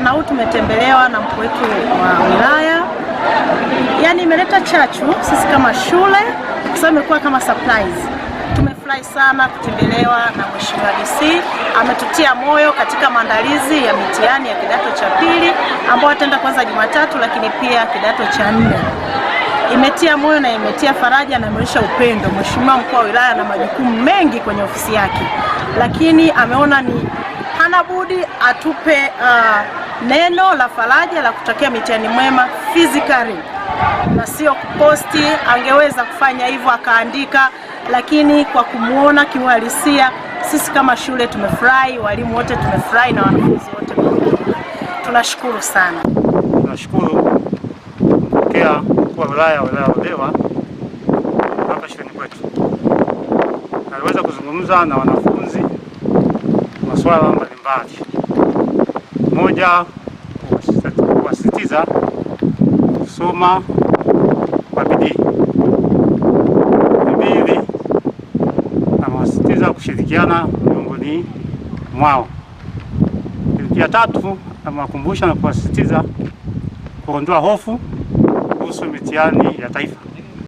mchana huu tumetembelewa na mkuu wetu wa wilaya, yaani imeleta chachu sisi kama shule, kwa sababu imekuwa kama surprise. Tumefurahi sana kutembelewa na Mheshimiwa DC, ametutia moyo katika maandalizi ya mitihani ya kidato cha pili ambao ataenda kwanza Jumatatu, lakini pia kidato cha nne imetia moyo na imetia faraja na imeonyesha upendo. Mheshimiwa mkuu wa wilaya na majukumu mengi kwenye ofisi yake, lakini ameona ni hana budi atupe uh, neno la faraja la kutakia mitihani mwema physically na sio kuposti. Angeweza kufanya hivyo akaandika, lakini kwa kumwona kiuhalisia, sisi kama shule tumefurahi, walimu wote tumefurahi na wanafunzi wote tunashukuru sana. Tunashukuru kupokea mkuu wa wilaya wa wilaya ya Ludewa hapa shuleni kwetu, aliweza kuzungumza na wanafunzi maswala mbalimbali moja, kuwasisitiza kusoma kwa bidii. Mbili, amewasisitiza kushirikiana miongoni mwao. Ya tatu, amewakumbusha na kuwasisitiza kuondoa hofu kuhusu mitihani ya taifa.